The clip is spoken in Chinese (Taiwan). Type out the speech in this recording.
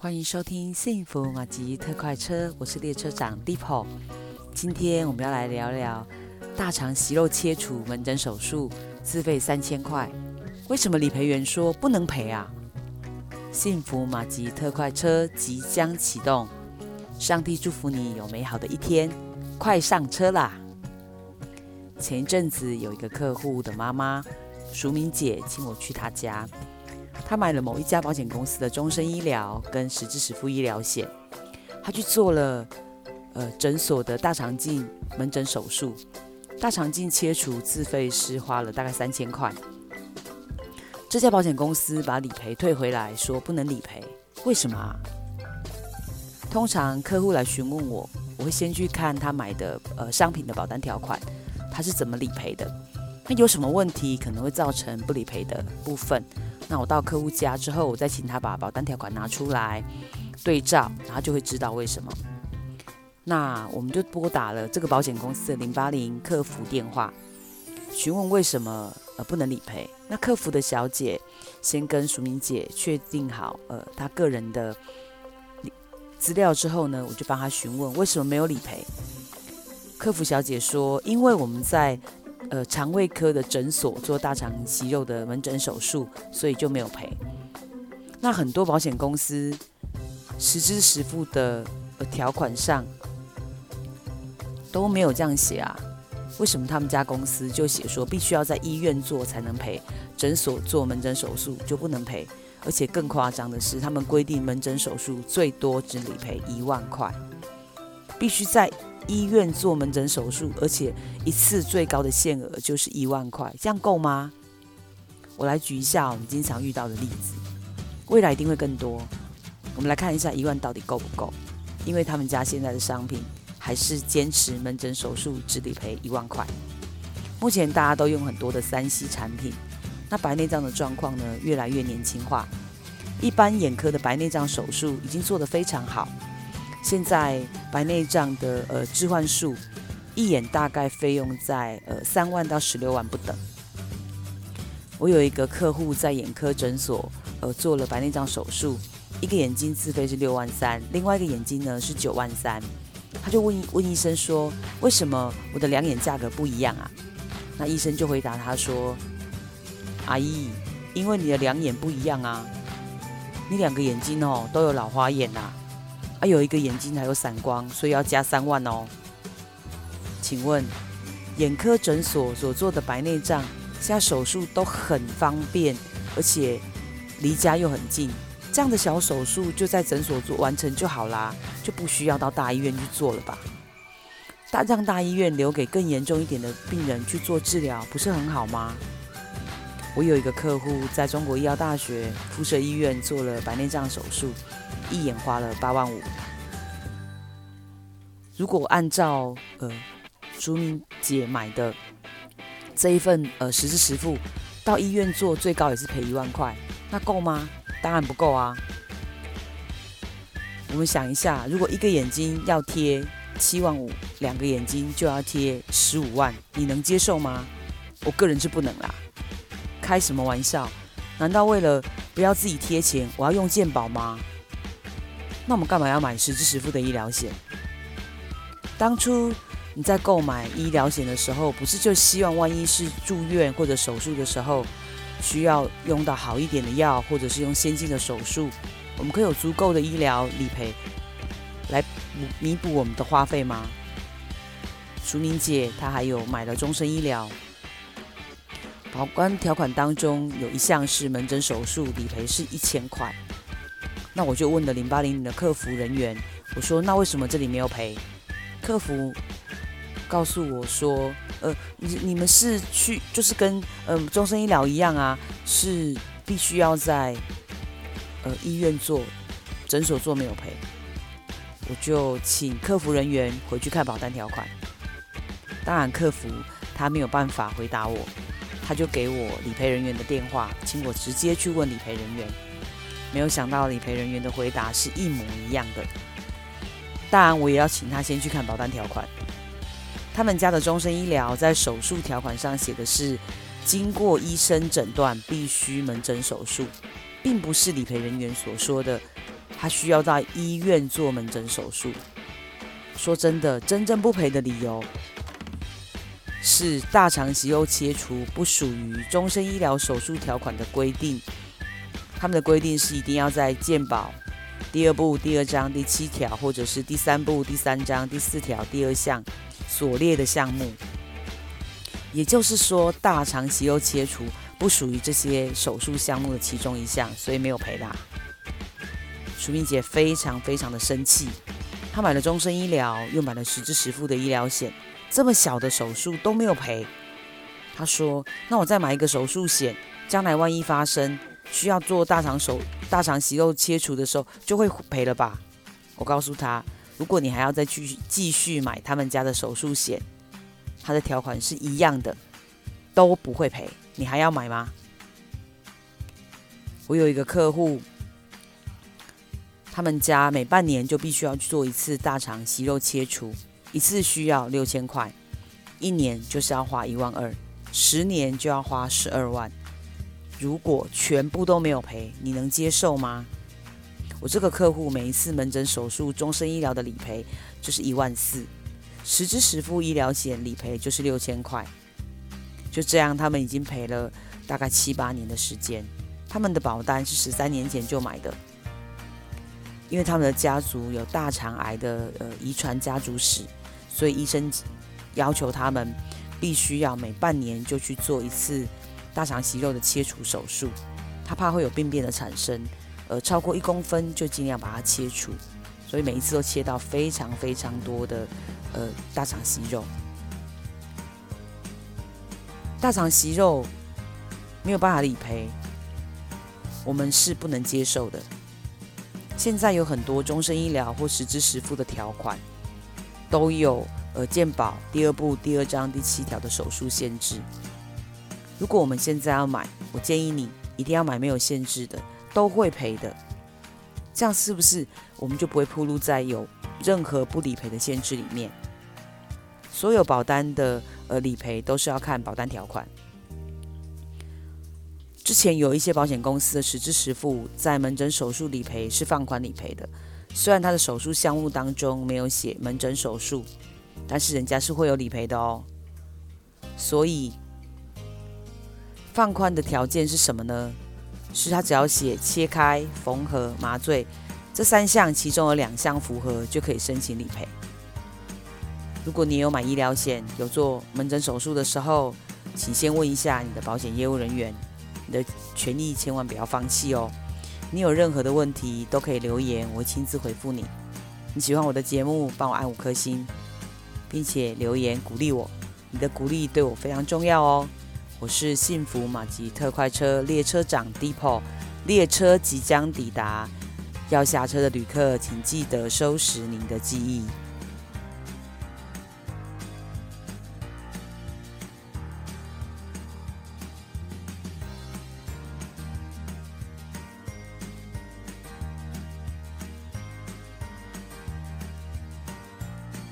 歡迎收聽幸福馬吉特快車，我是列車長 Depo。今天我們要來聊聊大腸息肉切除門診手術，自費三千塊，為什麼理賠員說不能賠啊？幸福馬吉特快車即將啟動，上帝祝福你有美好的一天，快上車啦！前陣子有一個客戶的媽媽，淑敏姐，請我去她家。他買了某一家保險公司的終身醫療跟實支實付醫療險，他去做了呃診所的大腸鏡門診手術，大腸鏡切除自費是花了大概三千塊，這家保險公司把理賠退回來，說不能理賠，為什麼啊？通常客戶來詢問我，我會先去看他買的呃商品的保單條款，他是怎麼理賠的，那有什麼問題可能會造成不理賠的部分？那我到客戶家之後，我再請他把保單條款拿出來對照，然後就會知道為什麼。那我們就撥打了這個保險公司的零八零客服電話，詢問為什麼呃不能理賠。那客服的小姐先跟淑敏姐確定好呃她個人的資料之後呢，我就幫她詢問為什麼沒有理賠。客服小姐說，因為我們在。呃，腸胃科的診所做大腸息肉的門診手術，所以就沒有賠。那很多保險公司，實支實付的、呃、條款上都沒有這樣寫啊，為什麼他們家公司就寫說必須要在醫院做才能賠，診所做門診手術就不能賠？而且更誇張的是，他們規定門診手術最多只理賠一萬塊，必須在醫院做門診手術，而且一次最高的限額就是一萬塊，這樣夠嗎？我來舉一下我們經常遇到的例子，未來一定會更多。我們來看一下一萬到底夠不夠，因為他們家現在的商品還是堅持門診手術只理賠一萬塊。目前大家都用很多的三 C 產品，那白內障的狀況呢，越來越年輕化，一般眼科的白內障手術已經做得非常好。現在白內障的呃置換術，一眼大概費用在呃三萬到十六萬不等。我有一個客戶在眼科診所呃做了白內障手術，一個眼睛自費是六萬三，另外一個眼睛呢是九萬三。他就問問醫生說：“為什麼我的兩眼價格不一樣啊？”那醫生就回答他說：“阿姨，因為你的兩眼不一樣啊，你兩個眼睛哦都有老花眼啊。”啊，有一個眼睛還有散光，所以要加三萬哦。請問，眼科診所所做的白內障，現在手術都很方便，而且離家又很近，這樣的小手術就在診所做完成就好啦，就不需要到大醫院去做了吧？大讓大醫院留給更嚴重一點的病人去做治療，不是很好嗎？我有一個客戶在中國醫藥大學附設醫院做了白內障手術，一眼花了八萬五。如果按照呃，淑敏姐買的這一份呃實支實付，到醫院做最高也是賠一萬塊，那夠嗎？當然不夠啊。我們想一下，如果一個眼睛要貼七萬五，兩個眼睛就要貼十五萬，你能接受嗎？我個人是不能啦。開什麼玩笑？難道為了不要自己貼錢，我要用健保嗎？那我們幹嘛要買實支實付的醫療險？當初你在購買醫療險的時候，不是就希望萬一是住院或者手術的時候，需要用到好一點的藥，或者是用先進的手術，我們可以有足夠的醫療理賠來彌補我們的花費嗎？淑敏姐她還有買了終身醫療。保單條款當中有一項是門診手術理賠是一千塊，那我就問了零八零零的客服人員，我說，那為什麼這裡沒有賠？客服告訴我說，呃，你你們是去就是跟呃終身醫療一樣啊，是必須要在呃醫院做，診所做沒有賠。我就請客服人員回去看保單條款，當然客服他沒有辦法回答我。他就給我理賠人員的電話，請我直接去問理賠人員。沒有想到理賠人員的回答是一模一樣的。當然，我也要請他先去看保單條款。他們家的終身醫療在手術條款上寫的是，經過醫生診斷，必須門診手術，並不是理賠人員所說的他需要在醫院做門診手術。說真的，真正不賠的理由。是大腸息肉切除不屬於終身醫療手術條款的規定，他們的規定是一定要在健保第二部第二章第七條，或者是第三部第三章第四條第二項所列的項目，也就是說大腸息肉切除不屬於這些手術項目的其中一項，所以沒有賠他。淑敏姐非常非常的生氣，他買了終身醫療，又買了實支實付的醫療險。這麼小的手術都沒有賠，他說：“那我再買一個手術險，將來萬一發生需要做大腸手大腸息肉切除的時候就會賠了吧？”我告訴他：“如果你還要再去繼續，繼續買他們家的手術險，他的條款是一樣的，都不會賠，你還要買嗎？”我有一個客戶，他們家每半年就必須要去做一次大腸息肉切除。一次需要六千塊，一年就是要花一萬二，十年就要花十二萬。如果全部都沒有賠，你能接受嗎？我這個客戶每一次門診手術，終身醫療的理賠就是一萬四，實支實付醫療險理賠就是六千塊。就這樣，他們已經賠了大概七八年的時間。他們的保單是十三年前就買的，因為他們的家族有大腸癌的呃遺傳家族史。所以醫生要求他們必須要每半年就去做一次大腸息肉的切除手術，他怕會有病變的產生，呃，超過一公分就盡量把它切除，所以每一次都切到非常非常多的呃大腸息肉。大腸息肉沒有辦法理賠，我們是不能接受的。現在有很多終身醫療或實支實付的條款。都有呃健保第二部第二章第七條的手術限制。如果我們現在要買，我建議你一定要買沒有限制的，都會賠的。這樣是不是我們就不會暴露在有任何不理賠的限制裡面？所有保單的呃理賠都是要看保單條款。之前有一些保險公司的實支實付在門診手術理賠是放寬理賠的，雖然他的手術項目當中沒有寫門診手術，但是人家是會有理賠的哦。所以放寬的條件是什麼呢？是他只要寫切開、縫合、麻醉這三項，其中有兩項符合就可以申請理賠。如果你有買醫療險，有做門診手術的時候，請先問一下你的保險業務人員。你的權益千萬不要放棄哦！你有任何的問題都可以留言，我會親自回覆你。你喜歡我的節目，幫我按五顆星，並且留言鼓勵我。你的鼓勵對我非常重要哦！我是幸福馬吉特快車列車長 Depo，列車即將抵達，要下車的旅客請記得收拾您的記憶。